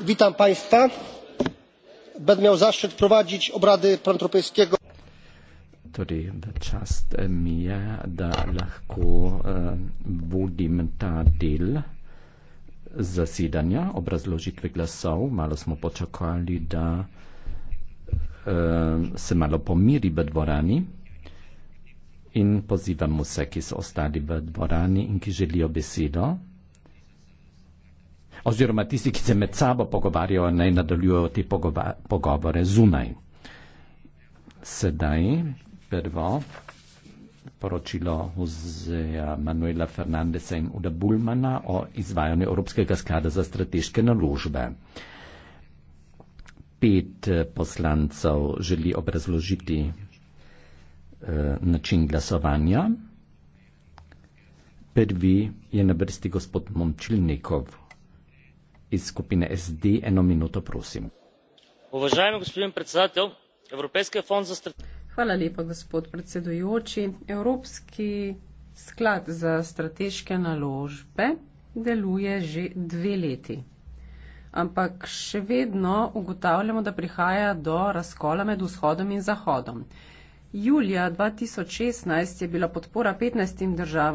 witam państwa będę miał zaszczyt prowadzić obrady parlamentu europejskiego który torej, czas mija da lahko eh, vodim ta del zasedanja obrazložitve glasov malo smo počakali da eh, se malo pomiri v dvorani in pozivam vse ki so ostali v dvorani in ki želijo besedo oziroma tisti, ki se med sabo pogovarjajo, naj nadaljujejo te pogova, pogovore zunaj. Sedaj prvo poročilo z Manuela Fernandesa in Uda Bulmana o izvajanju Evropskega sklada za strateške naložbe. Pet eh, poslancev želi obrazložiti eh, način glasovanja. Prvi je na vrsti gospod Momčilnikov iz skupine sd eno minuto prosim gospod predsedujoči evropski sklad za strateške naložbe deluje že dve leti ampak še vedno ugotavljamo da prihaja do razkola med vzhodom in zahodom julija dva tisoč šestnajst je bila podpora petnajstim državam